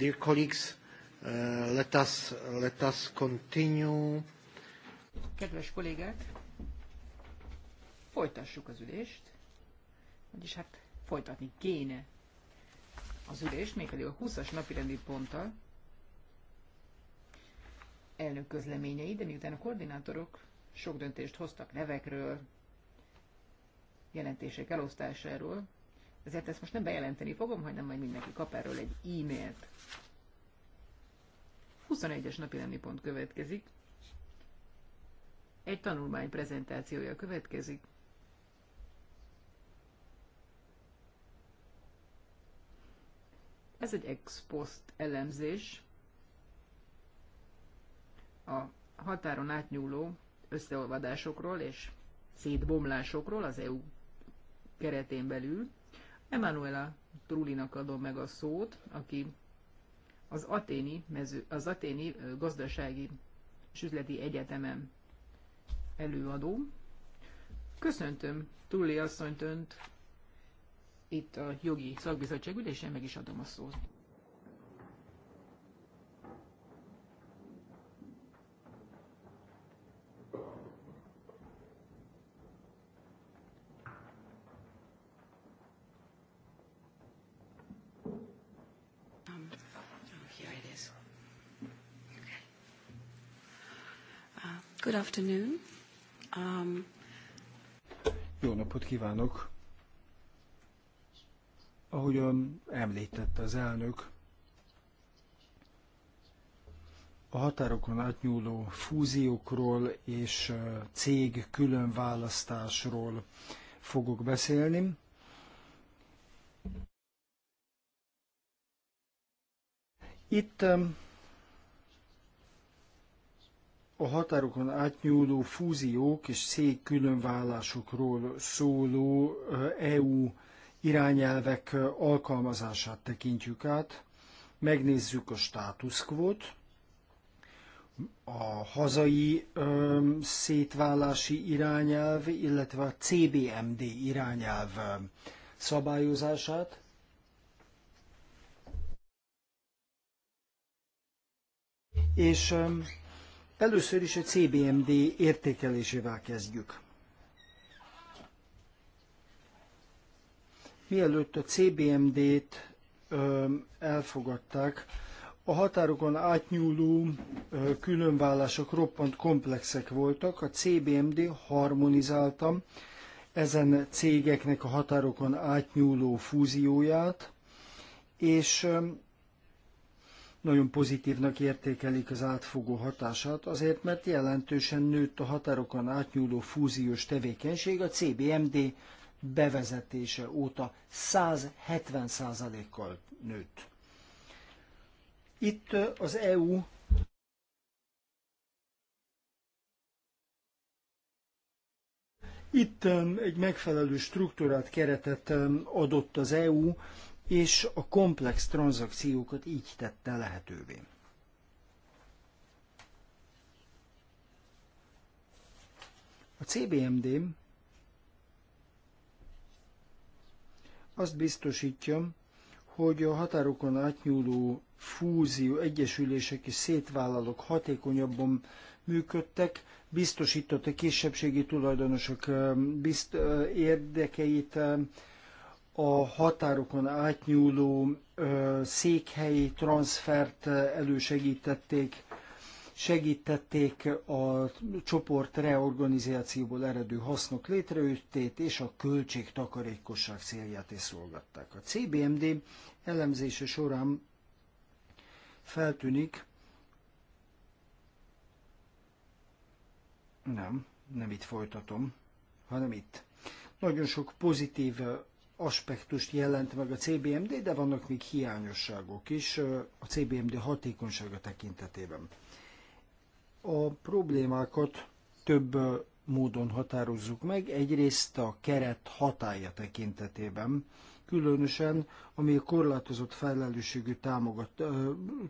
Dear colleagues, uh, let, us, let us continue. Kedves kollégák, folytassuk az ülést, vagyis hát folytatni kéne az ülést, mégpedig a 20-as rendi ponttal, elnök közleményei, de miután a koordinátorok sok döntést hoztak nevekről, jelentések elosztásáról, ezért ezt most nem bejelenteni fogom, hanem majd mindenki kap erről egy e-mailt. 21-es napi lenni pont következik. Egy tanulmány prezentációja következik. Ez egy ex post elemzés a határon átnyúló összeolvadásokról és szétbomlásokról az EU keretén belül. Emanuela Trulinak adom meg a szót, aki az aténi, mező, az aténi gazdasági és üzleti egyetemen előadó. Köszöntöm Trulli asszonyt önt itt a jogi szakbizottság ülésén, meg is adom a szót. Good afternoon. Um... Jó napot kívánok! Ahogyan említette az elnök, a határokon átnyúló fúziókról és cég különválasztásról fogok beszélni. Itt a határokon átnyúló fúziók és szék különvállásokról szóló EU irányelvek alkalmazását tekintjük át. Megnézzük a státuszkvót, a hazai szétválási irányelv, illetve a CBMD irányelv szabályozását. És Először is a CBMD értékelésével kezdjük. Mielőtt a CBMD-t elfogadták, a határokon átnyúló különvállások roppant komplexek voltak, a CBMD harmonizáltam ezen cégeknek a határokon átnyúló fúzióját, és nagyon pozitívnak értékelik az átfogó hatását, azért mert jelentősen nőtt a határokon átnyúló fúziós tevékenység a CBMD bevezetése óta 170%-kal nőtt. Itt az EU Itt egy megfelelő struktúrát, keretet adott az EU és a komplex tranzakciókat így tette lehetővé. A CBMD azt biztosítja, hogy a határokon átnyúló fúzió egyesülések és szétvállalók hatékonyabban működtek, biztosította kisebbségi tulajdonosok érdekeit, a határokon átnyúló székhelyi transfert elősegítették, segítették a csoport reorganizációból eredő hasznok létrejöttét és a költségtakarékosság célját is szolgatták. A CBMD elemzése során feltűnik, nem, nem itt folytatom, hanem itt. Nagyon sok pozitív aspektust jelent meg a CBMD, de vannak még hiányosságok is a CBMD hatékonysága tekintetében. A problémákat több módon határozzuk meg, egyrészt a keret hatája tekintetében, különösen ami a korlátozott felelősségű támogat,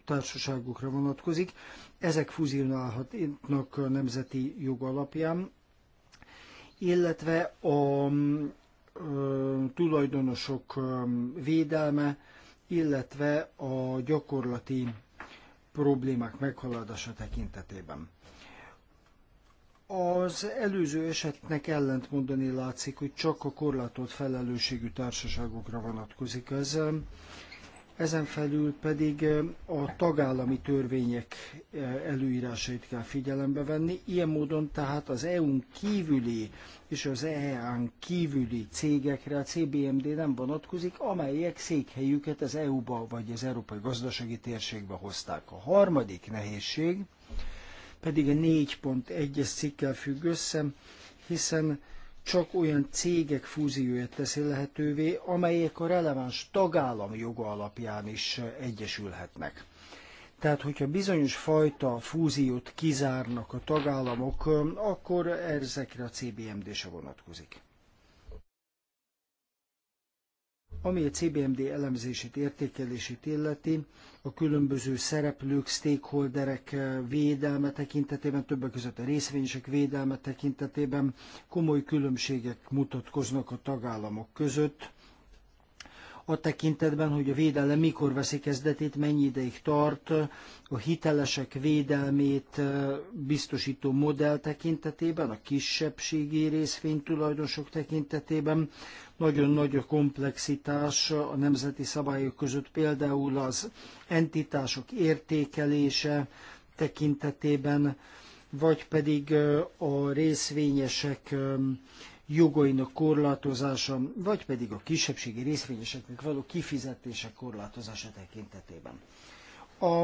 társaságokra vonatkozik. Ezek fuzionálhatnak nemzeti jog alapján, illetve a tulajdonosok védelme, illetve a gyakorlati problémák meghaladása tekintetében. Az előző esetnek ellentmondani látszik, hogy csak a korlátolt felelősségű társaságokra vonatkozik ez ezen felül pedig a tagállami törvények előírásait kell figyelembe venni. Ilyen módon tehát az EU-n kívüli és az EEA-n kívüli cégekre a CBMD nem vonatkozik, amelyek székhelyüket az EU-ba vagy az Európai Gazdasági Térségbe hozták. A harmadik nehézség pedig a 4.1-es cikkel függ össze, hiszen csak olyan cégek fúzióját teszi lehetővé, amelyek a releváns tagállami joga alapján is egyesülhetnek. Tehát, hogyha bizonyos fajta fúziót kizárnak a tagállamok, akkor ezekre a CBMD se vonatkozik. Ami a CBMD elemzését, értékelését illeti, a különböző szereplők, stakeholderek eh, védelme tekintetében, többek között a részvényesek védelme tekintetében komoly különbségek mutatkoznak a tagállamok között a tekintetben, hogy a védelem mikor veszi kezdetét, mennyi ideig tart, a hitelesek védelmét biztosító modell tekintetében, a kisebbségi részvénytulajdonosok tekintetében. Nagyon nagy a komplexitás a nemzeti szabályok között, például az entitások értékelése tekintetében, vagy pedig a részvényesek jogainak korlátozása, vagy pedig a kisebbségi részvényeseknek való kifizetése korlátozása tekintetében. A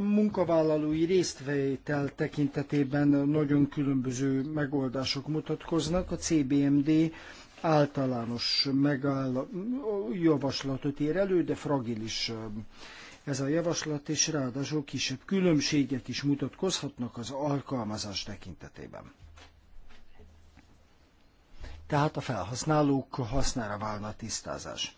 munkavállalói résztvétel tekintetében nagyon különböző megoldások mutatkoznak. A CBMD általános megáll, javaslatot ér elő, de fragilis ez a javaslat, és ráadásul kisebb különbségek is mutatkozhatnak az alkalmazás tekintetében tehát a felhasználók hasznára válna a tisztázás.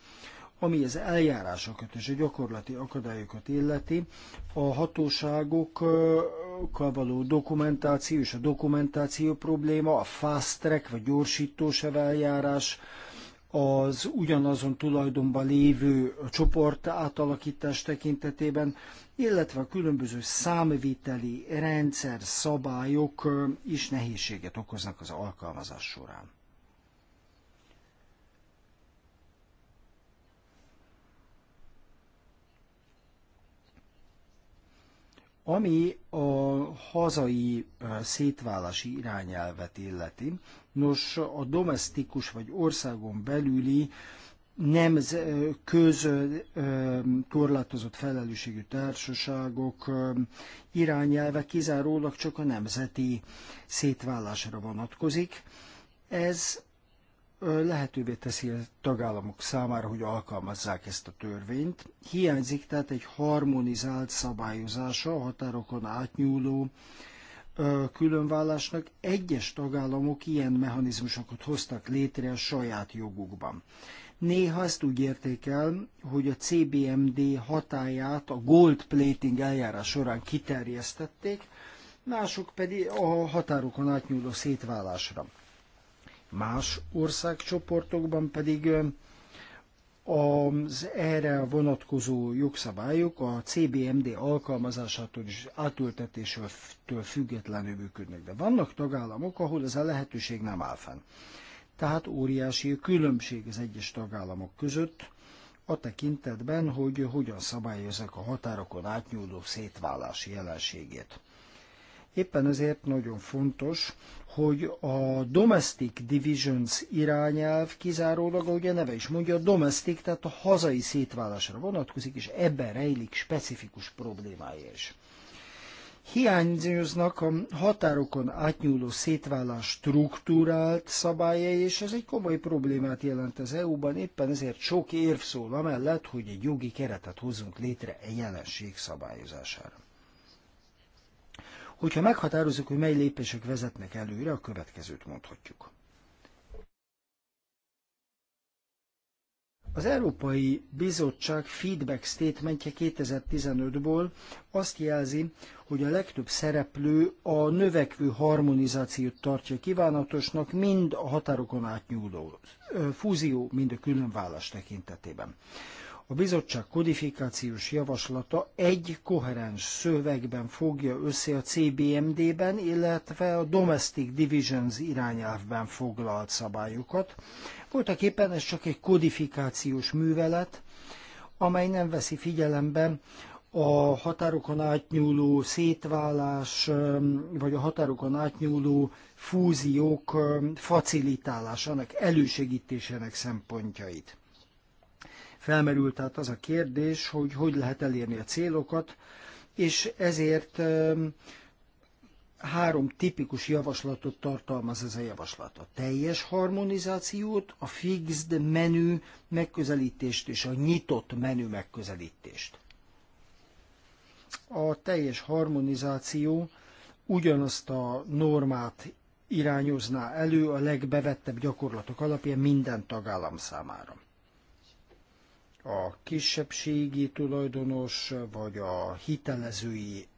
Ami az eljárásokat és a gyakorlati akadályokat illeti, a hatóságokkal való dokumentáció és a dokumentáció probléma, a fast track vagy gyorsítós eljárás, az ugyanazon tulajdonban lévő csoport átalakítás tekintetében, illetve a különböző számviteli rendszer szabályok is nehézséget okoznak az alkalmazás során. Ami a hazai szétválási irányelvet illeti, nos a domestikus vagy országon belüli nem köz korlátozott felelősségű társaságok irányelve kizárólag csak a nemzeti szétválásra vonatkozik. Ez lehetővé teszi a tagállamok számára, hogy alkalmazzák ezt a törvényt. Hiányzik tehát egy harmonizált szabályozása a határokon átnyúló különvállásnak. Egyes tagállamok ilyen mechanizmusokat hoztak létre a saját jogukban. Néha ezt úgy értékel, hogy a CBMD hatáját a gold plating eljárás során kiterjesztették, mások pedig a határokon átnyúló szétválásra. Más országcsoportokban pedig az erre vonatkozó jogszabályok a CBMD alkalmazásától és átültetésétől függetlenül működnek. De vannak tagállamok, ahol ez a lehetőség nem áll fenn. Tehát óriási különbség az egyes tagállamok között, a tekintetben, hogy hogyan szabályozzák a határokon átnyúló szétválási jelenségét. Éppen ezért nagyon fontos, hogy a domestic divisions irányelv kizárólag, ahogy a neve is mondja, a domestic, tehát a hazai szétválásra vonatkozik, és ebben rejlik specifikus problémája is. Hiányoznak a határokon átnyúló szétválás struktúrált szabályai, és ez egy komoly problémát jelent az EU-ban, éppen ezért sok érv szól amellett, hogy egy jogi keretet hozzunk létre egy jelenség szabályozására. Hogyha meghatározzuk, hogy mely lépések vezetnek előre, a következőt mondhatjuk. Az Európai Bizottság feedback statementje 2015-ből azt jelzi, hogy a legtöbb szereplő a növekvő harmonizációt tartja kívánatosnak, mind a határokon átnyúló fúzió, mind a különvállás tekintetében. A bizottság kodifikációs javaslata egy koherens szövegben fogja össze a CBMD-ben, illetve a Domestic Divisions irányelvben foglalt szabályokat. Voltak éppen ez csak egy kodifikációs művelet, amely nem veszi figyelembe a határokon átnyúló szétválás, vagy a határokon átnyúló fúziók facilitálásának, elősegítésének szempontjait. Felmerült tehát az a kérdés, hogy hogy lehet elérni a célokat, és ezért három tipikus javaslatot tartalmaz ez a javaslat. A teljes harmonizációt, a fixed menü megközelítést és a nyitott menü megközelítést. A teljes harmonizáció ugyanazt a normát irányozná elő a legbevettebb gyakorlatok alapján minden tagállam számára a kisebbségi tulajdonos vagy a hitelezői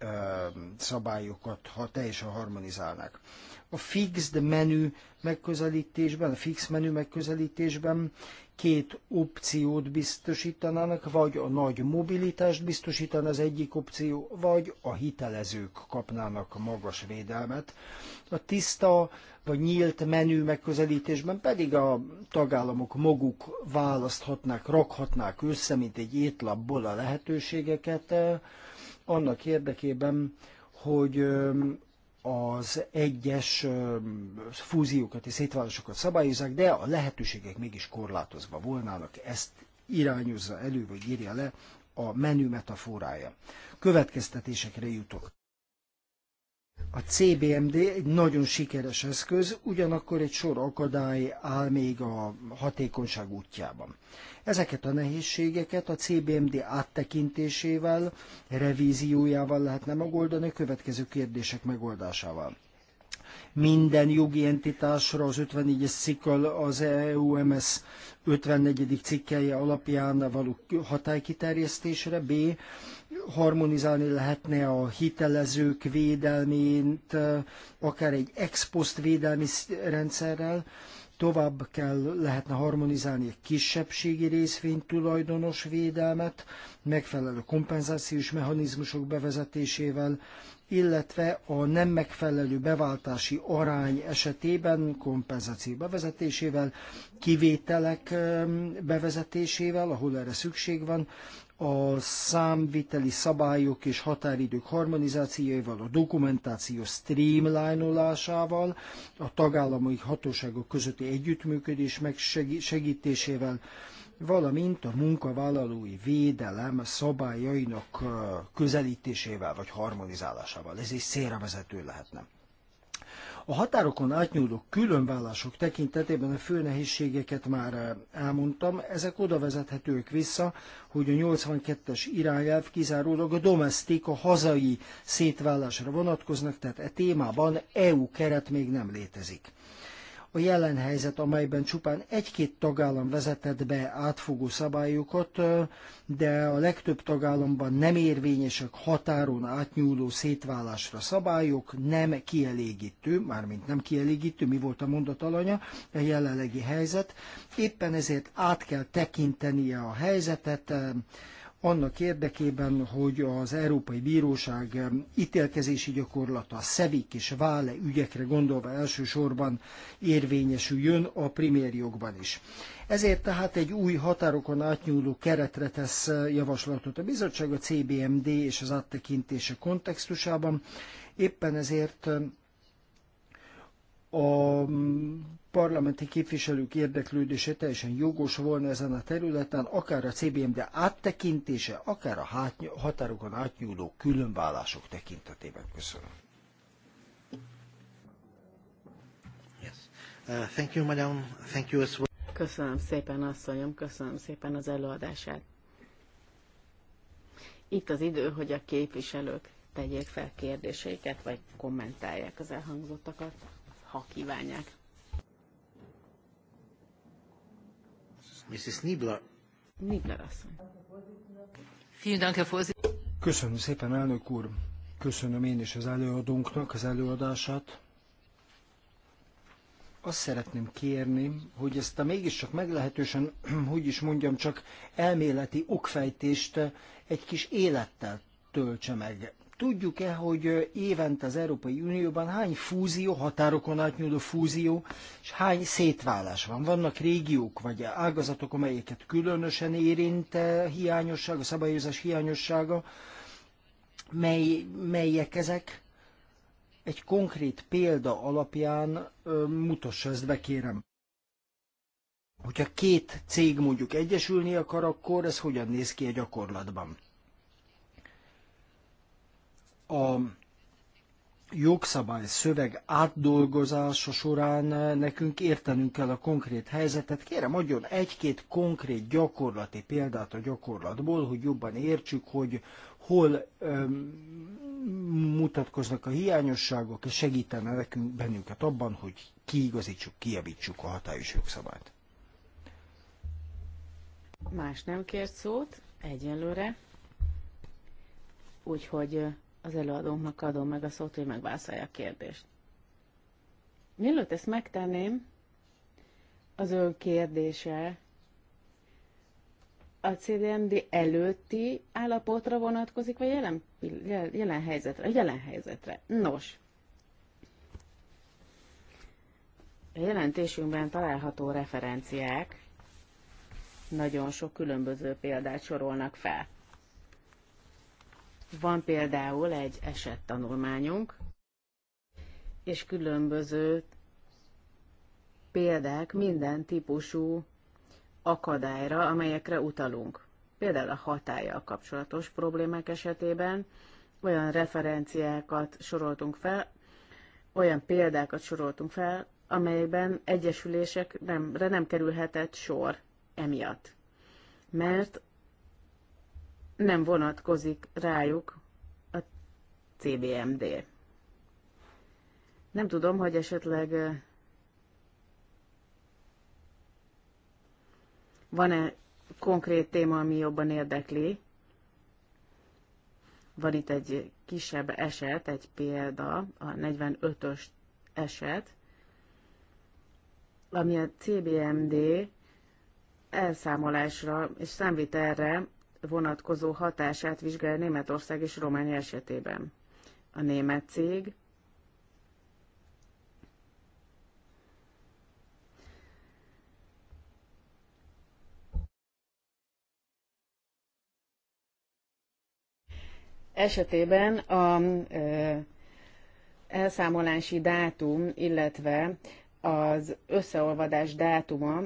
szabályokat ha teljesen harmonizálnák a fixed menü megközelítésben, a fix menü megközelítésben két opciót biztosítanának, vagy a nagy mobilitást biztosítan az egyik opció, vagy a hitelezők kapnának magas védelmet. A tiszta vagy nyílt menü megközelítésben pedig a tagállamok maguk választhatnák, rakhatnák össze, mint egy étlapból a lehetőségeket, eh, annak érdekében, hogy eh, az egyes fúziókat és szétválasokat szabályozzák, de a lehetőségek mégis korlátozva volnának. Ezt irányozza elő, vagy írja le a menü metaforája. Következtetésekre jutok. A CBMD egy nagyon sikeres eszköz, ugyanakkor egy sor akadály áll még a hatékonyság útjában. Ezeket a nehézségeket a CBMD áttekintésével, revíziójával lehetne megoldani a következő kérdések megoldásával. Minden jogi entitásra az 54-es cikkel az EUMS 54. cikkelje alapján való hatálykiterjesztésre, B harmonizálni lehetne a hitelezők védelmét, akár egy ex post védelmi rendszerrel, tovább kell, lehetne harmonizálni egy kisebbségi részvénytulajdonos védelmet, megfelelő kompenzációs mechanizmusok bevezetésével, illetve a nem megfelelő beváltási arány esetében kompenzáció bevezetésével, kivételek bevezetésével, ahol erre szükség van, a számviteli szabályok és határidők harmonizációival, a dokumentáció streamlinolásával, a tagállamai hatóságok közötti együttműködés megsegítésével, valamint a munkavállalói védelem szabályainak közelítésével vagy harmonizálásával. Ez is szélrevezető lehetne. A határokon átnyúló különvállások tekintetében a fő nehézségeket már eh, elmondtam, ezek oda vezethetők vissza, hogy a 82-es irányelv kizárólag a domestik, a hazai szétvállásra vonatkoznak, tehát e témában EU keret még nem létezik. A jelen helyzet, amelyben csupán egy-két tagállam vezetett be átfogó szabályokat, de a legtöbb tagállamban nem érvényesek határon átnyúló szétválásra szabályok, nem kielégítő, mármint nem kielégítő, mi volt a mondat alanya, a jelenlegi helyzet. Éppen ezért át kell tekintenie a helyzetet, annak érdekében, hogy az Európai Bíróság ítélkezési gyakorlata, szevik és vále ügyekre gondolva elsősorban érvényesüljön a jogban is. Ezért tehát egy új határokon átnyúló keretre tesz javaslatot a bizottság a CBMD és az áttekintése kontextusában. Éppen ezért a parlamenti képviselők érdeklődése teljesen jogos volna ezen a területen, akár a CBMD áttekintése, akár a határokon átnyúló különvállások tekintetében. Köszönöm. Yes. Uh, thank you, madam. Thank you as well. Köszönöm szépen, asszonyom, köszönöm szépen az előadását. Itt az idő, hogy a képviselők tegyék fel kérdéseiket, vagy kommentálják az elhangzottakat, ha kívánják. Mrs. Nibler. Nibler asszony. Köszönöm szépen, elnök úr. Köszönöm én is az előadónknak az előadását. Azt szeretném kérni, hogy ezt a mégiscsak meglehetősen, hogy is mondjam, csak elméleti okfejtést egy kis élettel töltse meg tudjuk-e, hogy évente az Európai Unióban hány fúzió, határokon átnyúló fúzió, és hány szétválás van? Vannak régiók vagy ágazatok, amelyeket különösen érint hiányosság, a szabályozás hiányossága, mely, melyek ezek? Egy konkrét példa alapján mutassa ezt be, kérem. Hogyha két cég mondjuk egyesülni akar, akkor ez hogyan néz ki a gyakorlatban? a jogszabály szöveg átdolgozása során eh, nekünk értenünk kell a konkrét helyzetet. Kérem, adjon egy-két konkrét gyakorlati példát a gyakorlatból, hogy jobban értsük, hogy hol öm, mutatkoznak a hiányosságok, és segítene nekünk bennünket abban, hogy kiigazítsuk, kiabítsuk a hatályos jogszabályt. Más nem kért szót egyelőre, úgyhogy eh, az előadónknak adom meg a szót, hogy megválaszolja a kérdést. Mielőtt ezt megtenném, az ön kérdése a CDMD előtti állapotra vonatkozik, vagy jelen, jelen helyzetre? Jelen helyzetre. Nos, a jelentésünkben található referenciák nagyon sok különböző példát sorolnak fel. Van például egy esettanulmányunk, és különböző példák minden típusú akadályra, amelyekre utalunk. Például a hatája kapcsolatos problémák esetében olyan referenciákat soroltunk fel, olyan példákat soroltunk fel, amelyekben egyesülésekre nem kerülhetett sor emiatt. Mert nem vonatkozik rájuk a CBMD. Nem tudom, hogy esetleg van-e konkrét téma, ami jobban érdekli. Van itt egy kisebb eset, egy példa, a 45-ös eset, ami a CBMD elszámolásra és számvitelre vonatkozó hatását vizsgál Németország és Románia esetében. A német cég esetében a ö, elszámolási dátum, illetve az összeolvadás dátuma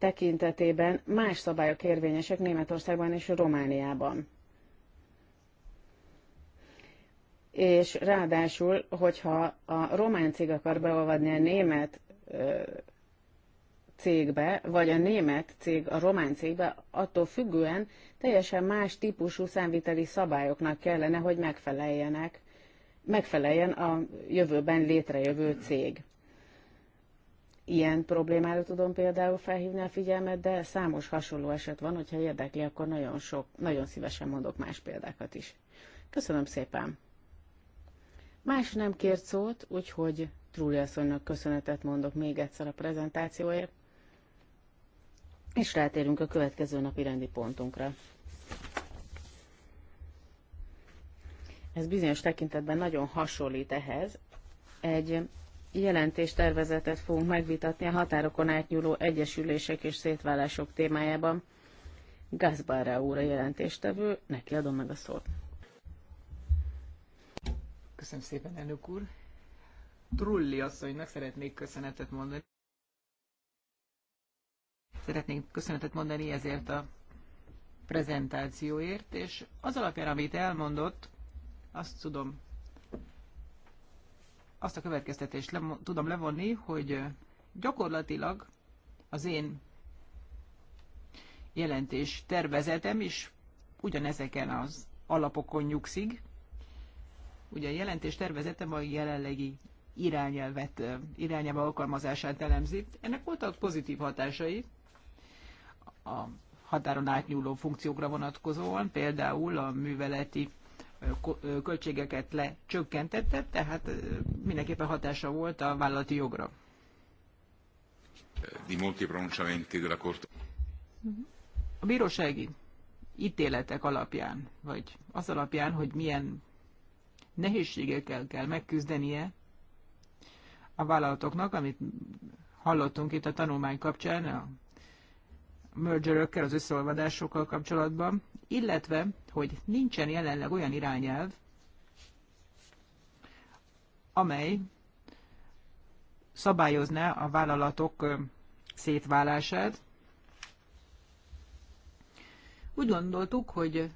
tekintetében más szabályok érvényesek Németországban és Romániában. És ráadásul, hogyha a román cég akar beolvadni a német cégbe, vagy a német cég a román cégbe, attól függően teljesen más típusú számviteli szabályoknak kellene, hogy megfeleljenek, megfeleljen a jövőben létrejövő cég. Ilyen problémára tudom például felhívni a figyelmet, de számos hasonló eset van, hogyha érdekli, akkor nagyon, sok, nagyon szívesen mondok más példákat is. Köszönöm szépen! Más nem kért szót, úgyhogy Trúli asszonynak köszönetet mondok még egyszer a prezentációért, és rátérünk a következő napi rendi pontunkra. Ez bizonyos tekintetben nagyon hasonlít ehhez. Egy jelentéstervezetet fogunk megvitatni a határokon átnyúló egyesülések és szétválások témájában. Gázbára úr a jelentéstevő, neki adom meg a szót. Köszönöm szépen, elnök úr. Trulli asszonynak szeretnék köszönetet mondani. Szeretnék köszönetet mondani ezért a prezentációért, és az alapján, amit elmondott, azt tudom azt a következtetést le, tudom levonni, hogy gyakorlatilag az én jelentés tervezetem is ugyanezeken az alapokon nyugszik. Ugye a jelentés tervezetem a jelenlegi irányelvet, irányába alkalmazását elemzi. Ennek voltak pozitív hatásai a határon átnyúló funkciókra vonatkozóan, például a műveleti költségeket lecsökkentette, tehát mindenképpen hatása volt a vállalati jogra. A bírósági ítéletek alapján, vagy az alapján, hogy milyen nehézségekkel kell megküzdenie a vállalatoknak, amit hallottunk itt a tanulmány kapcsán, a mergerökkel, az összeolvadásokkal kapcsolatban, illetve, hogy nincsen jelenleg olyan irányelv, amely szabályozná a vállalatok szétválását. Úgy gondoltuk, hogy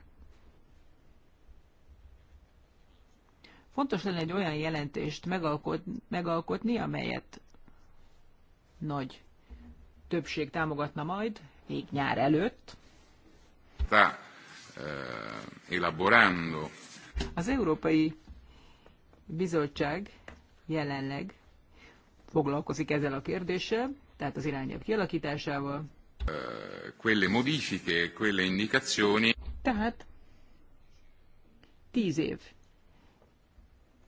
fontos lenne egy olyan jelentést megalkotni, amelyet nagy többség támogatna majd, még nyár előtt. Tá. Eh, elaborando. Az Európai Bizottság jelenleg foglalkozik ezzel a kérdéssel, tehát az irányelv kialakításával. Eh, quelle modifiche, quelle indicazioni. Tehát tíz év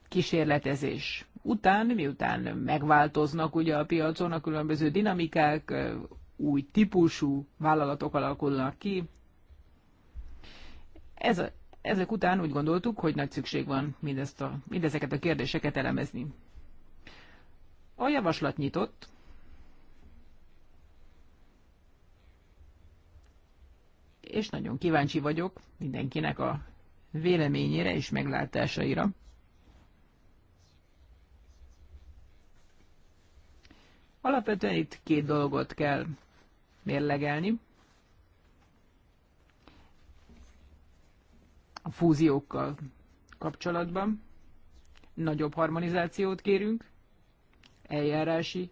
kísérletezés után, miután megváltoznak ugye a piacon a különböző dinamikák, eh, új típusú vállalatok alakulnak ki, ez, ezek után úgy gondoltuk, hogy nagy szükség van mindezt a, mindezeket a kérdéseket elemezni. A javaslat nyitott, és nagyon kíváncsi vagyok mindenkinek a véleményére és meglátásaira. Alapvetően itt két dolgot kell mérlegelni. a fúziókkal kapcsolatban. Nagyobb harmonizációt kérünk eljárási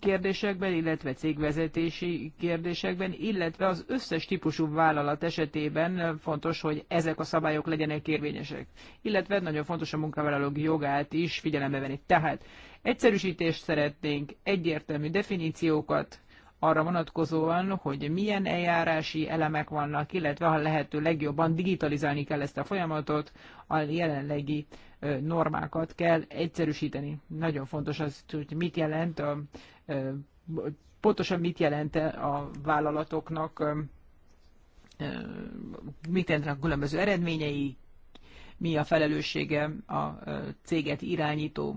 kérdésekben, illetve cégvezetési kérdésekben, illetve az összes típusú vállalat esetében fontos, hogy ezek a szabályok legyenek érvényesek. Illetve nagyon fontos a munkavállalók jogát is figyelembe venni. Tehát egyszerűsítést szeretnénk, egyértelmű definíciókat, arra vonatkozóan, hogy milyen eljárási elemek vannak, illetve ha lehető legjobban digitalizálni kell ezt a folyamatot, a jelenlegi normákat kell egyszerűsíteni. Nagyon fontos az, hogy mit jelent a, pontosan mit jelent a vállalatoknak, mit jelentenek a különböző eredményei, mi a felelőssége a céget irányító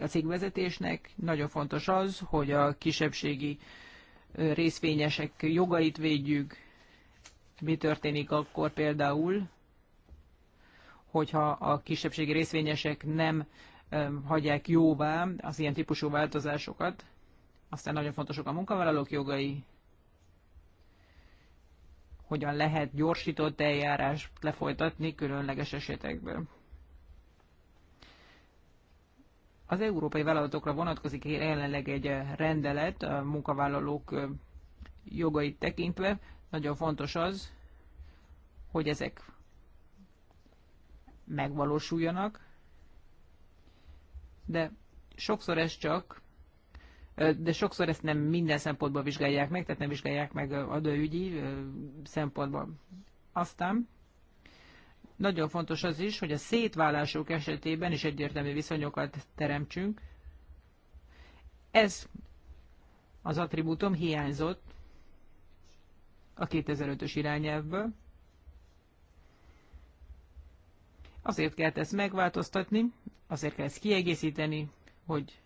a cégvezetésnek. Nagyon fontos az, hogy a kisebbségi részvényesek jogait védjük. Mi történik akkor például, hogyha a kisebbségi részvényesek nem hagyják jóvá az ilyen típusú változásokat. Aztán nagyon fontosok a munkavállalók jogai, hogyan lehet gyorsított eljárást lefolytatni különleges esetekben. Az európai vállalatokra vonatkozik jelenleg egy rendelet a munkavállalók jogait tekintve. Nagyon fontos az, hogy ezek megvalósuljanak, de sokszor ez csak, de sokszor ezt nem minden szempontból vizsgálják meg, tehát nem vizsgálják meg adóügyi szempontból. Aztán nagyon fontos az is, hogy a szétválások esetében is egyértelmű viszonyokat teremtsünk. Ez az attribútum hiányzott a 2005-ös irányelvből. Azért kell ezt megváltoztatni, azért kell ezt kiegészíteni, hogy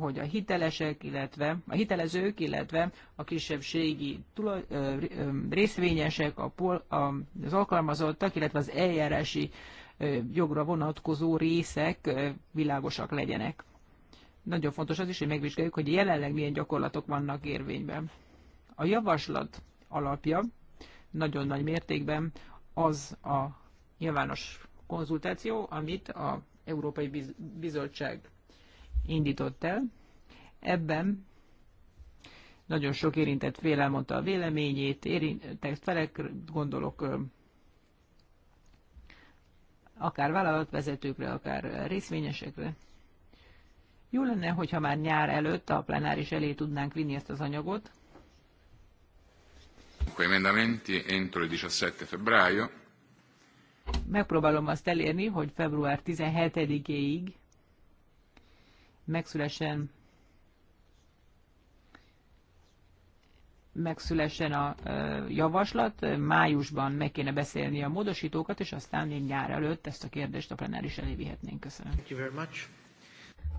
hogy a hitelesek, illetve a hitelezők, illetve a kisebbségi tulaj, ö, ö, részvényesek, a pol, a, az alkalmazottak, illetve az eljárási ö, jogra vonatkozó részek ö, világosak legyenek. Nagyon fontos az is, hogy megvizsgáljuk, hogy jelenleg milyen gyakorlatok vannak érvényben. A javaslat alapja nagyon nagy mértékben az a nyilvános konzultáció, amit a Európai Bizottság indított el. Ebben nagyon sok érintett fél elmondta a véleményét, érintett felek, gondolok akár vállalatvezetőkre, akár részvényesekre. Jó lenne, hogyha már nyár előtt a plenáris elé tudnánk vinni ezt az anyagot. Megpróbálom azt elérni, hogy február 17-éig megszülessen megszülessen a javaslat, májusban meg kéne beszélni a módosítókat, és aztán még nyár előtt ezt a kérdést a plenáris elé vihetnénk. Köszönöm. Thank you very much.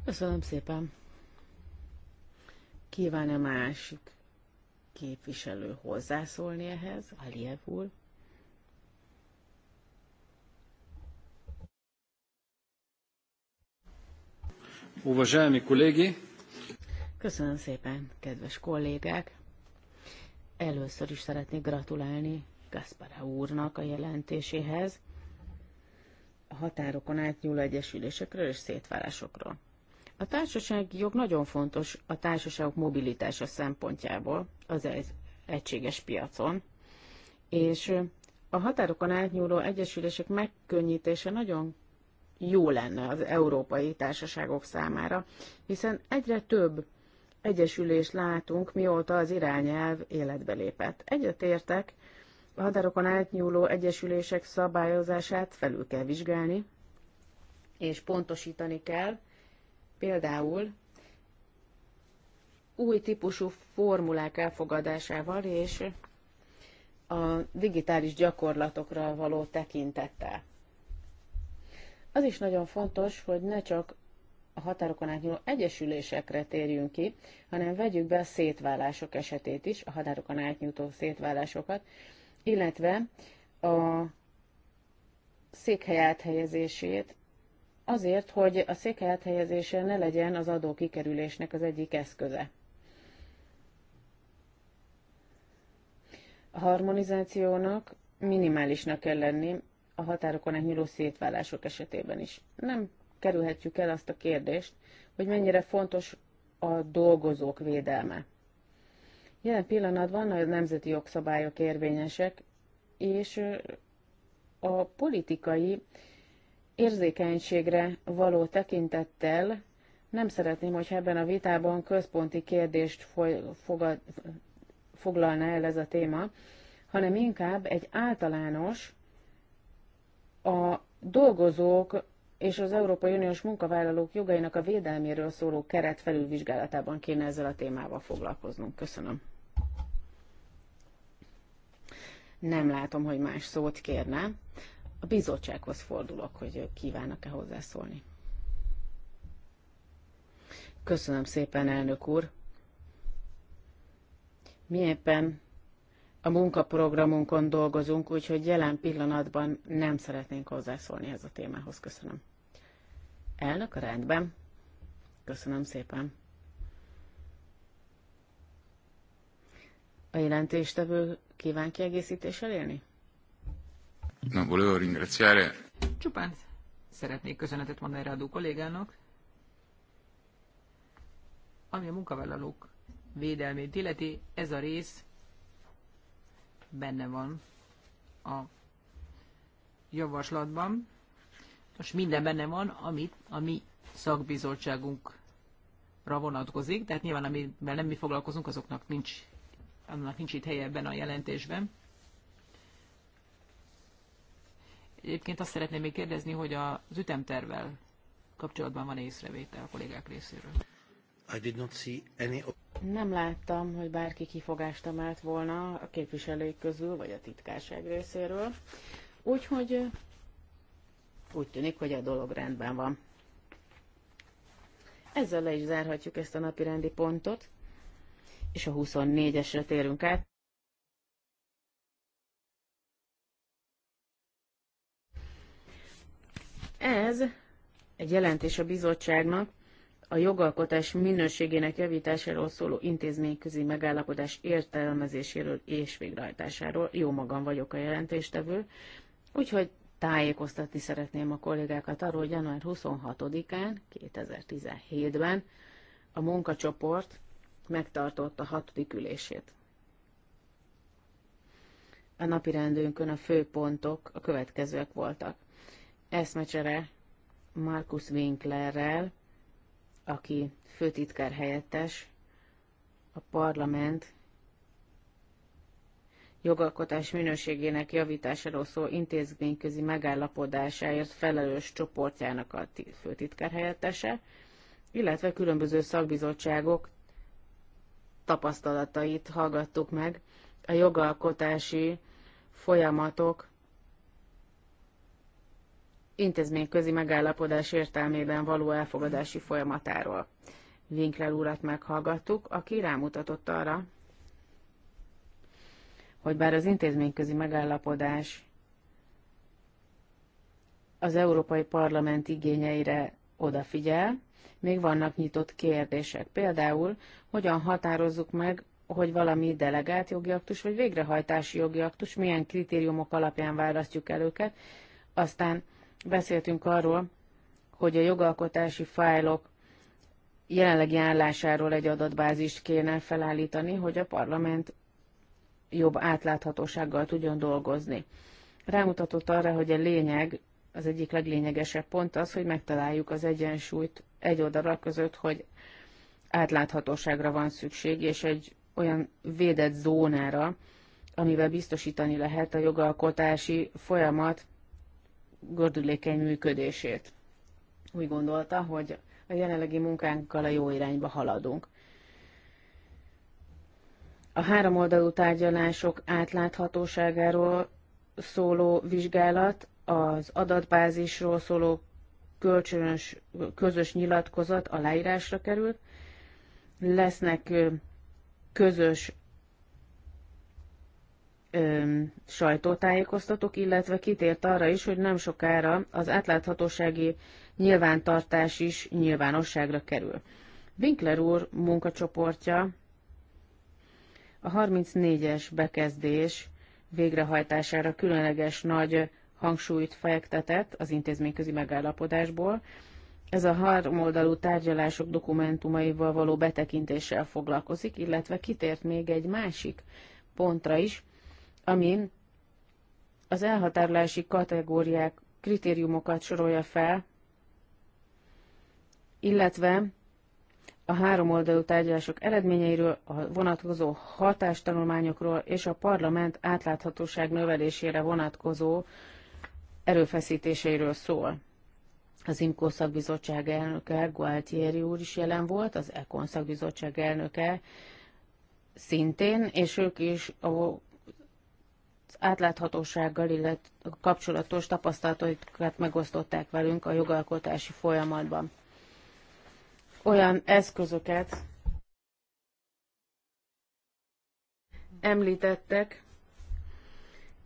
Köszönöm szépen. kíván a másik képviselő hozzászólni ehhez? Aliyev úr? Köszönöm szépen, kedves kollégák! Először is szeretnék gratulálni Gaspara úrnak a jelentéséhez a határokon átnyúló egyesülésekről és szétvárásokról. A társasági jog nagyon fontos a társaságok mobilitása szempontjából az egységes piacon, és a határokon átnyúló egyesülések megkönnyítése nagyon jó lenne az európai társaságok számára, hiszen egyre több egyesülést látunk, mióta az irányelv életbe lépett. Egyet értek, a határokon átnyúló egyesülések szabályozását felül kell vizsgálni, és pontosítani kell, például új típusú formulák elfogadásával és a digitális gyakorlatokra való tekintettel. Az is nagyon fontos, hogy ne csak a határokon átnyúló egyesülésekre térjünk ki, hanem vegyük be a szétválások esetét is, a határokon átnyúló szétválásokat, illetve a székhely áthelyezését, azért, hogy a székhely áthelyezése ne legyen az adó kikerülésnek az egyik eszköze. A harmonizációnak minimálisnak kell lenni, a határokon átnyúló szétválások esetében is. Nem kerülhetjük el azt a kérdést, hogy mennyire fontos a dolgozók védelme. Jelen pillanatban a nemzeti jogszabályok érvényesek, és a politikai érzékenységre való tekintettel nem szeretném, hogy ebben a vitában központi kérdést foglalna el ez a téma, hanem inkább egy általános, a dolgozók és az Európai Uniós munkavállalók jogainak a védelméről szóló keret felülvizsgálatában kéne ezzel a témával foglalkoznunk. Köszönöm. Nem látom, hogy más szót kérne. A bizottsághoz fordulok, hogy kívánnak-e hozzászólni. Köszönöm szépen, elnök úr. Mi éppen a munkaprogramunkon dolgozunk, úgyhogy jelen pillanatban nem szeretnénk hozzászólni ez a témához. Köszönöm. Elnök, a rendben. Köszönöm szépen. A jelentéstevő kíván kiegészítéssel élni? Na, volevo ringraziare. Csupán szeretnék köszönetet mondani rádó kollégának, ami a munkavállalók védelmét illeti, ez a rész benne van a javaslatban. Most minden benne van, amit a mi szakbizottságunkra vonatkozik, tehát nyilván amivel nem mi foglalkozunk, azoknak nincs, annak nincs itt helye ebben a jelentésben. Egyébként azt szeretném még kérdezni, hogy az ütemtervel kapcsolatban van észrevétel a kollégák részéről. I did not see any... Nem láttam, hogy bárki kifogást emelt volna a képviselők közül, vagy a titkárság részéről. Úgyhogy úgy tűnik, hogy a dolog rendben van. Ezzel le is zárhatjuk ezt a napi rendi pontot, és a 24-esre térünk át. Ez egy jelentés a bizottságnak a jogalkotás minőségének javításáról szóló intézményközi megállapodás értelmezéséről és végrehajtásáról. Jó magam vagyok a jelentéstevő, úgyhogy tájékoztatni szeretném a kollégákat arról, hogy január 26-án, 2017-ben a munkacsoport megtartotta a hatodik ülését. A napi rendünkön a fő pontok a következőek voltak. Eszmecsere Markus Winklerrel, aki főtitkár helyettes, a parlament jogalkotás minőségének javításáról szól intézményközi megállapodásáért felelős csoportjának a főtitkár helyettese, illetve különböző szakbizottságok tapasztalatait hallgattuk meg a jogalkotási folyamatok intézményközi megállapodás értelmében való elfogadási folyamatáról. Winkler úrat meghallgattuk, aki rámutatott arra, hogy bár az intézményközi megállapodás az Európai Parlament igényeire odafigyel, még vannak nyitott kérdések. Például, hogyan határozzuk meg, hogy valami delegált jogi aktus vagy végrehajtási jogi aktus, milyen kritériumok alapján választjuk el őket, aztán Beszéltünk arról, hogy a jogalkotási fájlok jelenlegi állásáról egy adatbázist kéne felállítani, hogy a parlament jobb átláthatósággal tudjon dolgozni. Rámutatott arra, hogy a lényeg, az egyik leglényegesebb pont az, hogy megtaláljuk az egyensúlyt egy oldalak között, hogy átláthatóságra van szükség, és egy olyan védett zónára, amivel biztosítani lehet a jogalkotási folyamat gördülékeny működését. Úgy gondolta, hogy a jelenlegi munkánkkal a jó irányba haladunk. A oldalú tárgyalások átláthatóságáról szóló vizsgálat, az adatbázisról szóló kölcsönös, közös nyilatkozat aláírásra került. Lesznek közös sajtótájékoztatók, illetve kitért arra is, hogy nem sokára az átláthatósági nyilvántartás is nyilvánosságra kerül. Winkler úr munkacsoportja a 34-es bekezdés végrehajtására különleges nagy hangsúlyt fektetett az intézményközi megállapodásból. Ez a harmoldalú tárgyalások dokumentumaival való betekintéssel foglalkozik, illetve kitért még egy másik pontra is, amin az elhatárolási kategóriák kritériumokat sorolja fel, illetve a három oldalú tárgyalások eredményeiről, a vonatkozó hatástanulmányokról és a parlament átláthatóság növelésére vonatkozó erőfeszítéseiről szól. Az IMCO szakbizottság elnöke Gualtieri úr is jelen volt, az ECON szakbizottság elnöke szintén, és ők is a átláthatósággal illetve kapcsolatos tapasztalatokat megosztották velünk a jogalkotási folyamatban. Olyan eszközöket említettek,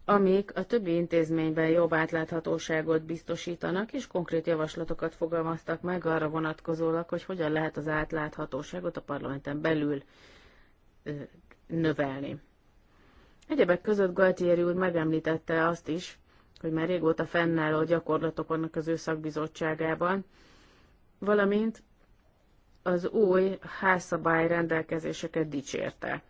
amik a többi intézményben jobb átláthatóságot biztosítanak, és konkrét javaslatokat fogalmaztak meg arra vonatkozólag, hogy hogyan lehet az átláthatóságot a parlamenten belül növelni. Egyebek között Galtieri úr megemlítette azt is, hogy már régóta fennálló gyakorlatok vannak az ő szakbizottságában, valamint az új házszabály rendelkezéseket dicsérte.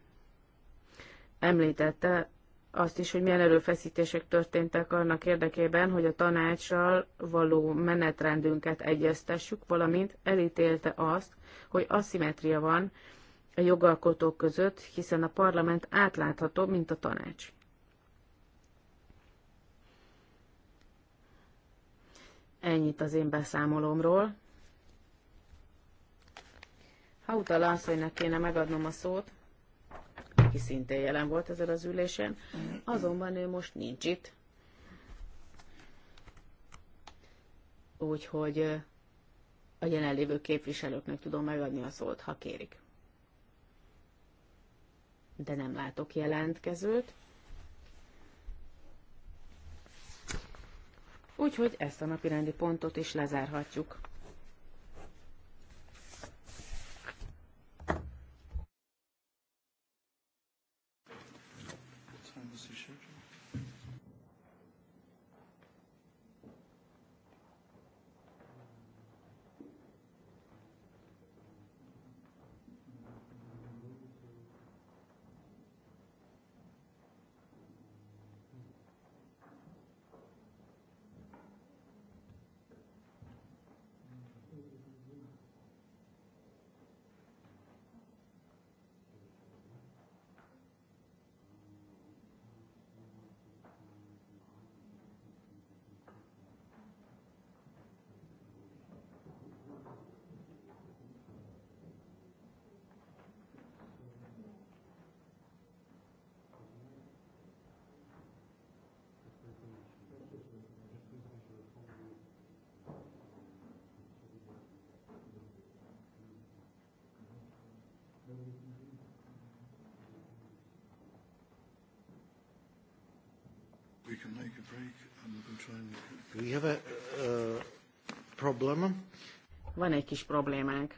Említette azt is, hogy milyen erőfeszítések történtek annak érdekében, hogy a tanácssal való menetrendünket egyeztessük, valamint elítélte azt, hogy aszimetria van a jogalkotók között, hiszen a parlament átlátható, mint a tanács. Ennyit az én beszámolomról. Hautala asszonynak kéne megadnom a szót, aki szintén jelen volt ezen az ülésen, azonban ő most nincs itt. Úgyhogy a jelenlévő képviselőknek tudom megadni a szót, ha kérik de nem látok jelentkezőt. Úgyhogy ezt a napirendi pontot is lezárhatjuk. We can make a break and we can try and... We have a uh, problem. Van egy kis problémánk,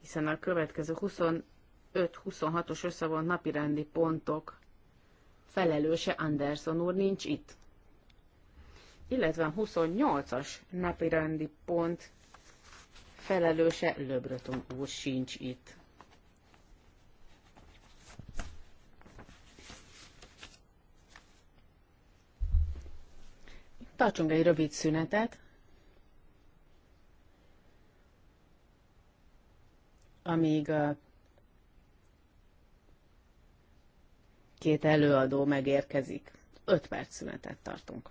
hiszen a következő 25-26-os összevont napirendi pontok felelőse Anderson úr nincs itt. Illetve 28-as napirendi pont felelőse Löbröton úr sincs itt. tartsunk egy rövid szünetet, amíg a két előadó megérkezik. Öt perc szünetet tartunk.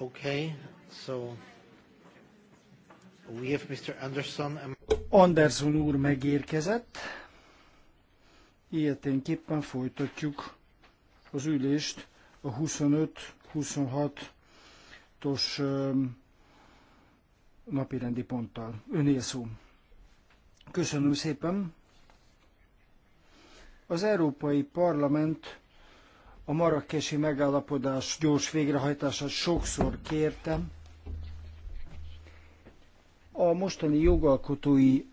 Okay, so we have Mr. Anderson. Anderson úr megérkezett. Ilyeténképpen folytatjuk az ülést a 25-26-os napirendi ponttal. Önél szó. Köszönöm szépen. Az Európai Parlament a marakesi megállapodás gyors végrehajtását sokszor kértem. A mostani jogalkotói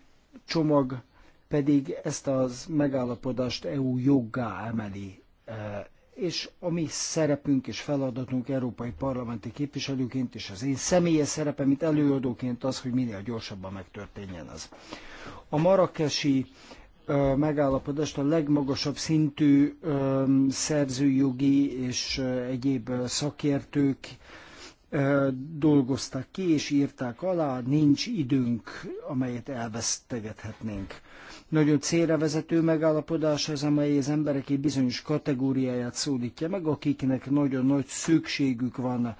csomag pedig ezt az megállapodást EU joggá emeli. E, és a mi szerepünk és feladatunk európai parlamenti képviselőként, és az én személyes szerepem, mint előadóként az, hogy minél gyorsabban megtörténjen ez. A marakesi megállapodást a legmagasabb szintű szerzőjogi és egyéb szakértők dolgozták ki és írták alá, nincs időnk, amelyet elvesztegethetnénk. Nagyon vezető megállapodás az, amely az emberek egy bizonyos kategóriáját szólítja meg, akiknek nagyon nagy szükségük van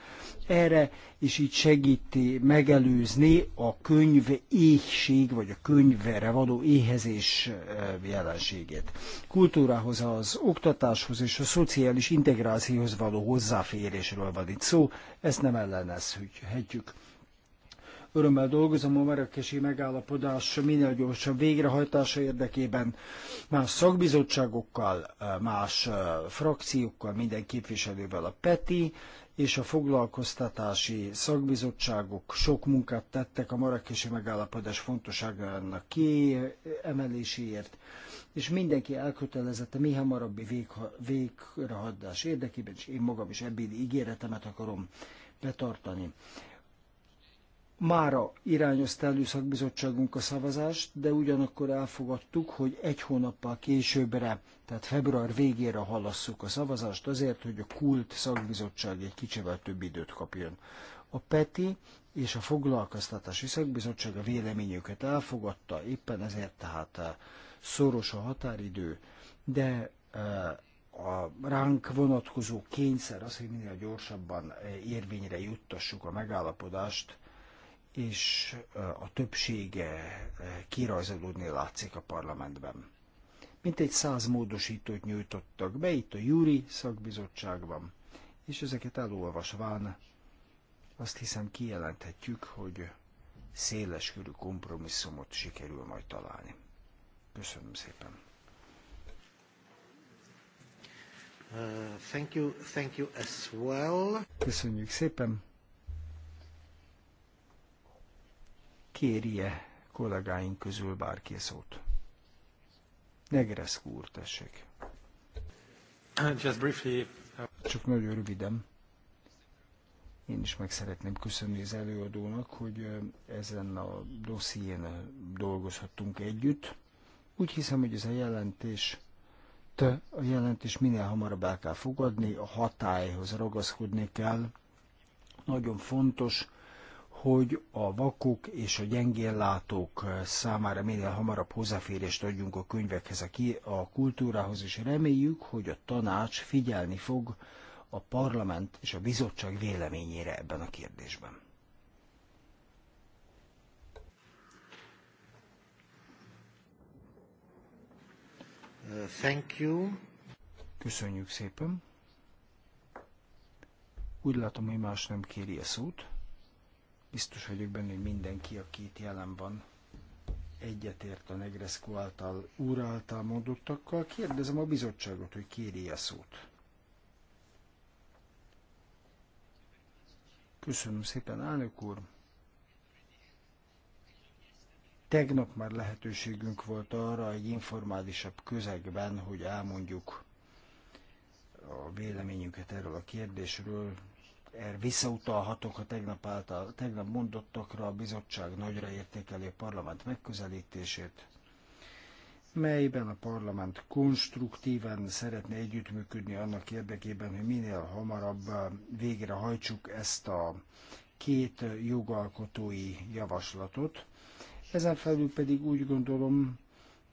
erre, és így segíti megelőzni a könyv éhség, vagy a könyvre való éhezés eh, jelenségét. Kultúrához, az oktatáshoz és a szociális integrációhoz való hozzáférésről van itt szó, ezt nem ellenezhetjük. Örömmel dolgozom a marakesi megállapodás minél gyorsabb végrehajtása érdekében. Más szakbizottságokkal, más frakciókkal, minden képviselővel a PETI és a foglalkoztatási szakbizottságok sok munkát tettek a marakesi megállapodás fontosságának kiemeléséért, és mindenki elkötelezett a mi hamarabbi végrehajtás érdekében, és én magam is ebbédi ígéretemet akarom betartani. Mára irányozta elő szakbizottságunk a szavazást, de ugyanakkor elfogadtuk, hogy egy hónappal későbbre, tehát február végére halasszuk a szavazást azért, hogy a kult szakbizottság egy kicsivel több időt kapjon. A PETI és a foglalkoztatási szakbizottság a véleményüket elfogadta, éppen ezért tehát eh, szoros a határidő, de eh, a ránk vonatkozó kényszer az, hogy minél gyorsabban eh, érvényre juttassuk a megállapodást, és a többsége kirajzolódni látszik a parlamentben. Mintegy száz módosítót nyújtottak be itt a Júri szakbizottságban, és ezeket elolvasván azt hiszem kijelenthetjük, hogy széleskörű kompromisszumot sikerül majd találni. Köszönöm szépen. Uh, thank you, thank you as well. Köszönjük szépen. kérje kollégáink közül bárki szót. Negreszkú úr, tessék. Just briefly. Csak nagyon röviden. Én is meg szeretném köszönni az előadónak, hogy ezen a dosszién dolgozhattunk együtt. Úgy hiszem, hogy ez a jelentés a jelentés minél hamarabb el kell fogadni, a hatályhoz ragaszkodni kell. Nagyon fontos, hogy a vakok és a gyengéllátók számára minél hamarabb hozzáférést adjunk a könyvekhez, a, ki, a kultúrához, és reméljük, hogy a tanács figyelni fog a parlament és a bizottság véleményére ebben a kérdésben. Thank you. Köszönjük szépen. Úgy látom, hogy más nem kéri a szót. Biztos vagyok benne, hogy mindenki, aki itt jelen van, egyetért a Negrescu által, úr által mondottakkal. Kérdezem a bizottságot, hogy kéri a szót. Köszönöm szépen, elnök úr. Tegnap már lehetőségünk volt arra egy informálisabb közegben, hogy elmondjuk a véleményünket erről a kérdésről. Er visszautalhatok a tegnap, által, tegnap mondottakra, a bizottság nagyra értékeli a parlament megközelítését, melyben a parlament konstruktíven szeretne együttműködni annak érdekében, hogy minél hamarabb végrehajtsuk ezt a két jogalkotói javaslatot. Ezen felül pedig úgy gondolom,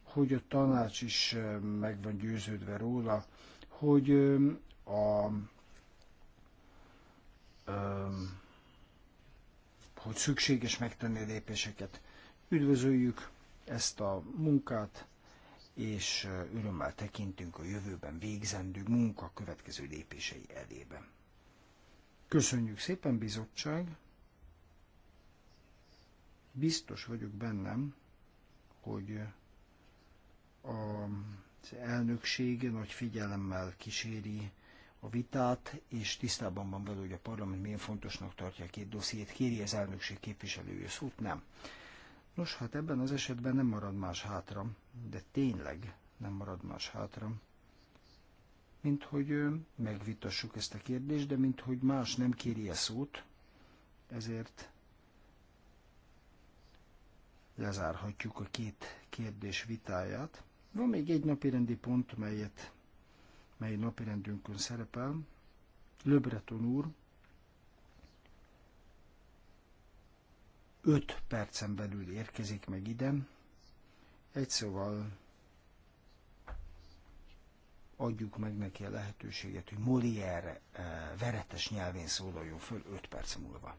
hogy a tanács is meg van győződve róla, hogy a hogy szükséges megtenni a lépéseket. Üdvözöljük ezt a munkát, és örömmel tekintünk a jövőben végzendő munka következő lépései elébe. Köszönjük szépen, bizottság! Biztos vagyok bennem, hogy az elnökség nagy figyelemmel kíséri a vitát, és tisztában van vele, hogy a parlament milyen fontosnak tartja a két dossziét. Kéri az elnökség képviselője szót? Nem. Nos, hát ebben az esetben nem marad más hátra, de tényleg nem marad más hátra, mint hogy megvitassuk ezt a kérdést, de mint hogy más nem kéri a szót, ezért lezárhatjuk a két kérdés vitáját. Van még egy napi rendi pont, melyet mely napirendünkön szerepel. Löbreton úr 5 percen belül érkezik meg ide. Egy szóval adjuk meg neki a lehetőséget, hogy Molière eh, veretes nyelvén szólaljon föl 5 perc múlva.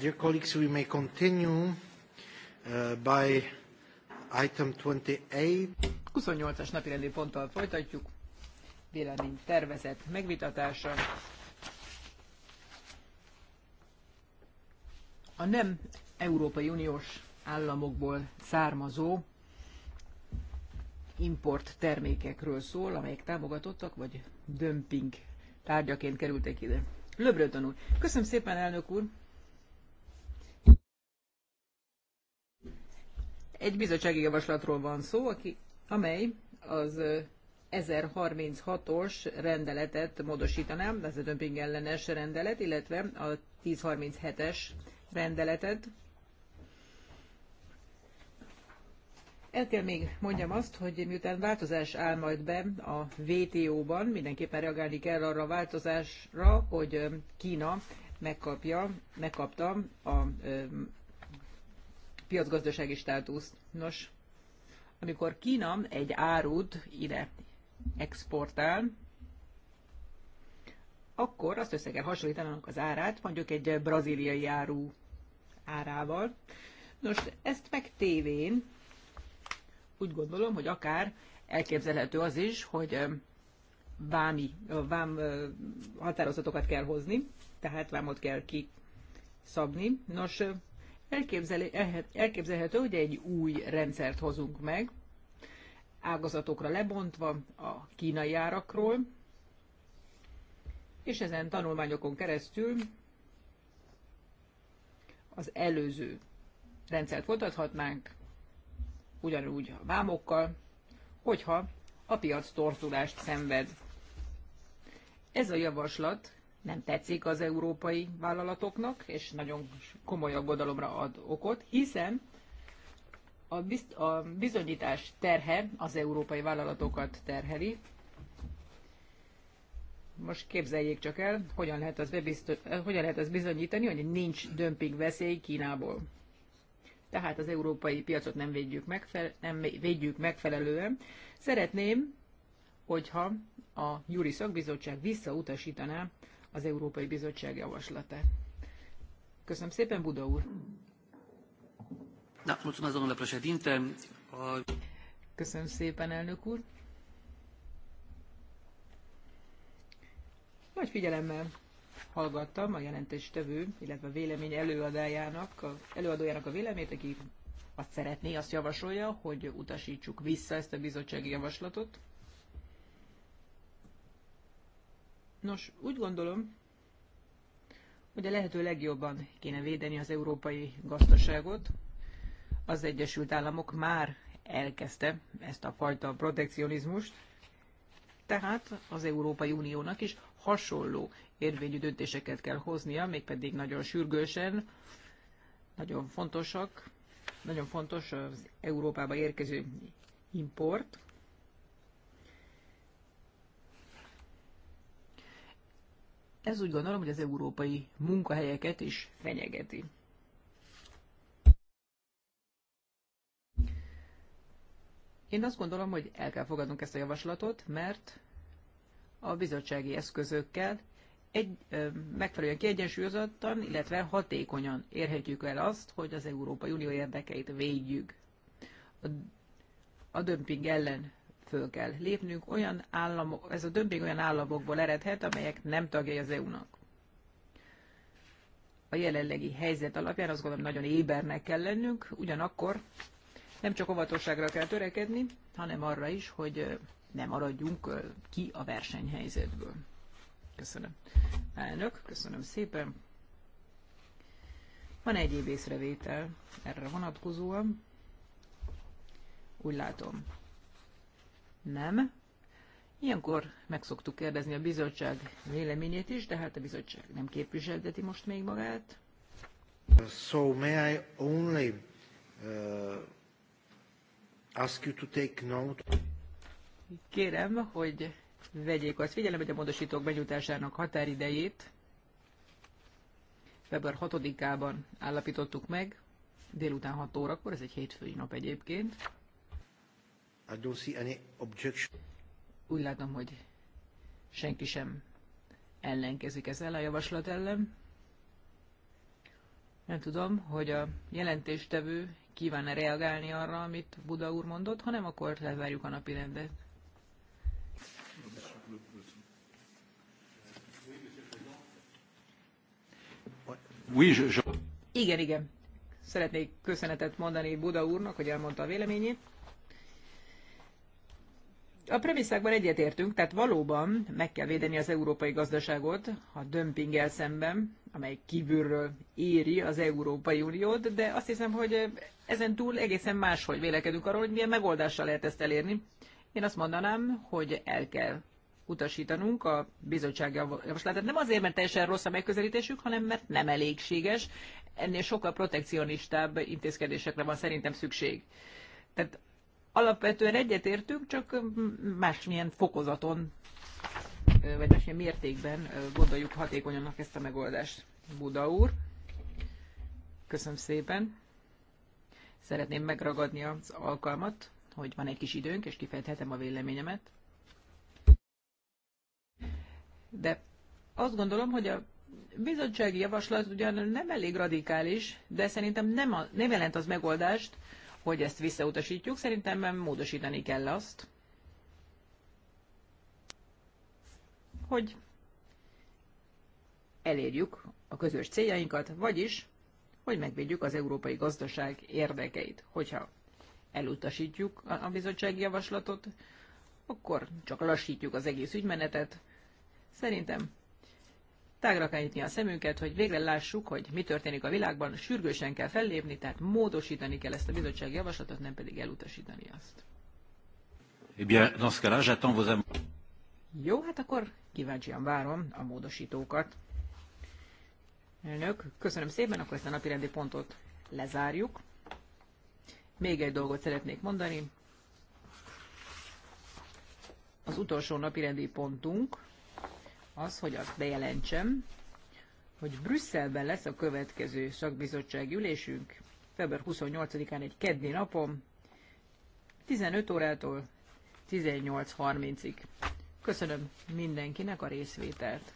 Dear colleagues, we may continue uh, by item 28. 28-as napirendi ponttal folytatjuk. Vélemény tervezett megvitatása. A nem Európai Uniós államokból származó import termékekről szól, amelyek támogatottak, vagy dömping tárgyaként kerültek ide. Löbröton tanul. Köszönöm szépen, elnök úr! Egy bizottsági javaslatról van szó, aki, amely az 1036-os rendeletet módosítanám, ez a dömping ellenes rendelet, illetve a 1037-es rendeletet. El kell még mondjam azt, hogy miután változás áll majd be a WTO-ban, mindenképpen reagálni kell arra a változásra, hogy Kína megkapja, megkapta a piacgazdasági státusz. Nos, amikor Kína egy árut ide exportál, akkor azt össze kell hasonlítanunk az árát, mondjuk egy braziliai áru árával. Nos, ezt meg tévén úgy gondolom, hogy akár elképzelhető az is, hogy vámi, vám határozatokat kell hozni, tehát vámot kell kiszabni. Nos, Elképzelhető, hogy egy új rendszert hozunk meg, ágazatokra lebontva a kínai árakról, és ezen tanulmányokon keresztül az előző rendszert folytathatnánk, ugyanúgy a vámokkal, hogyha a piac torzulást szenved. Ez a javaslat nem tetszik az európai vállalatoknak, és nagyon komoly aggodalomra ad okot, hiszen a, bizt, a bizonyítás terhe az európai vállalatokat terheli. Most képzeljék csak el, hogyan lehet az, bebiztos, hogyan lehet az bizonyítani, hogy nincs dömping veszély Kínából. Tehát az európai piacot nem védjük, megfele- nem védjük megfelelően. Szeretném, hogyha a Júri Szakbizottság visszautasítaná az Európai Bizottság javaslatát. Köszönöm szépen, Buda úr! Da, mulțumesc, domnule președinte. Köszönöm szépen, elnök úr! Nagy figyelemmel hallgattam a jelentéstevő, illetve a vélemény előadójának, a, előadójának a véleményét, aki azt szeretné, azt javasolja, hogy utasítsuk vissza ezt a bizottsági javaslatot. Nos, úgy gondolom, hogy a lehető legjobban kéne védeni az európai gazdaságot. Az Egyesült Államok már elkezdte ezt a fajta protekcionizmust, tehát az Európai Uniónak is hasonló érvényű döntéseket kell hoznia, mégpedig nagyon sürgősen, nagyon fontosak, nagyon fontos az Európába érkező import, Ez úgy gondolom, hogy az európai munkahelyeket is fenyegeti. Én azt gondolom, hogy el kell fogadnunk ezt a javaslatot, mert a bizottsági eszközökkel egy ö, megfelelően kiegyensúlyozottan, illetve hatékonyan érhetjük el azt, hogy az Európai Unió érdekeit védjük. A, a dömping ellen föl kell lépnünk, olyan államok, ez a döbbing olyan államokból eredhet, amelyek nem tagjai az EU-nak. A jelenlegi helyzet alapján azt gondolom nagyon ébernek kell lennünk, ugyanakkor nem csak óvatosságra kell törekedni, hanem arra is, hogy nem maradjunk ki a versenyhelyzetből. Köszönöm. Elnök, köszönöm szépen. Van egyéb észrevétel erre vonatkozóan. Úgy látom, nem. Ilyenkor meg szoktuk kérdezni a bizottság véleményét is, de hát a bizottság nem képviselteti most még magát. So may I only uh, ask you to take note? Kérem, hogy vegyék azt figyelembe, hogy a módosítók benyújtásának határidejét február 6-ában állapítottuk meg, délután 6 órakor, ez egy hétfői nap egyébként. I don't see any objection. Úgy látom, hogy senki sem ellenkezik ezzel a javaslat ellen. Nem tudom, hogy a jelentéstevő kíván-e reagálni arra, amit Buda úr mondott, hanem akkor levárjuk a napi rendet. Igen, igen. Szeretnék köszönetet mondani Buda úrnak, hogy elmondta a véleményét. A premisszákban egyetértünk, tehát valóban meg kell védeni az európai gazdaságot a dömpingel szemben, amely kívülről éri az Európai Uniót, de azt hiszem, hogy ezen túl egészen máshogy vélekedünk arról, hogy milyen megoldással lehet ezt elérni. Én azt mondanám, hogy el kell utasítanunk a bizottság javaslatát. Nem azért, mert teljesen rossz a megközelítésük, hanem mert nem elégséges. Ennél sokkal protekcionistább intézkedésekre van szerintem szükség. Tehát alapvetően egyetértünk, csak másmilyen fokozaton, vagy másmilyen mértékben gondoljuk hatékonyanak ezt a megoldást. Buda úr, köszönöm szépen. Szeretném megragadni az alkalmat, hogy van egy kis időnk, és kifejthetem a véleményemet. De azt gondolom, hogy a bizottsági javaslat ugyan nem elég radikális, de szerintem nem, a, nem jelent az megoldást, hogy ezt visszautasítjuk. Szerintem módosítani kell azt, hogy elérjük a közös céljainkat, vagyis, hogy megvédjük az európai gazdaság érdekeit. Hogyha elutasítjuk a bizottsági javaslatot, akkor csak lassítjuk az egész ügymenetet. Szerintem tágra kell nyitni a szemünket, hogy végre lássuk, hogy mi történik a világban, sürgősen kell fellépni, tehát módosítani kell ezt a bizottsági javaslatot, nem pedig elutasítani azt. Eh Jó, hát akkor kíváncsian várom a módosítókat. Elnök, köszönöm szépen, akkor ezt a napi rendi pontot lezárjuk. Még egy dolgot szeretnék mondani. Az utolsó napi rendi pontunk, az, hogy azt bejelentsem, hogy Brüsszelben lesz a következő szakbizottsági ülésünk, február 28-án egy keddi napon, 15 órától 18.30-ig. Köszönöm mindenkinek a részvételt!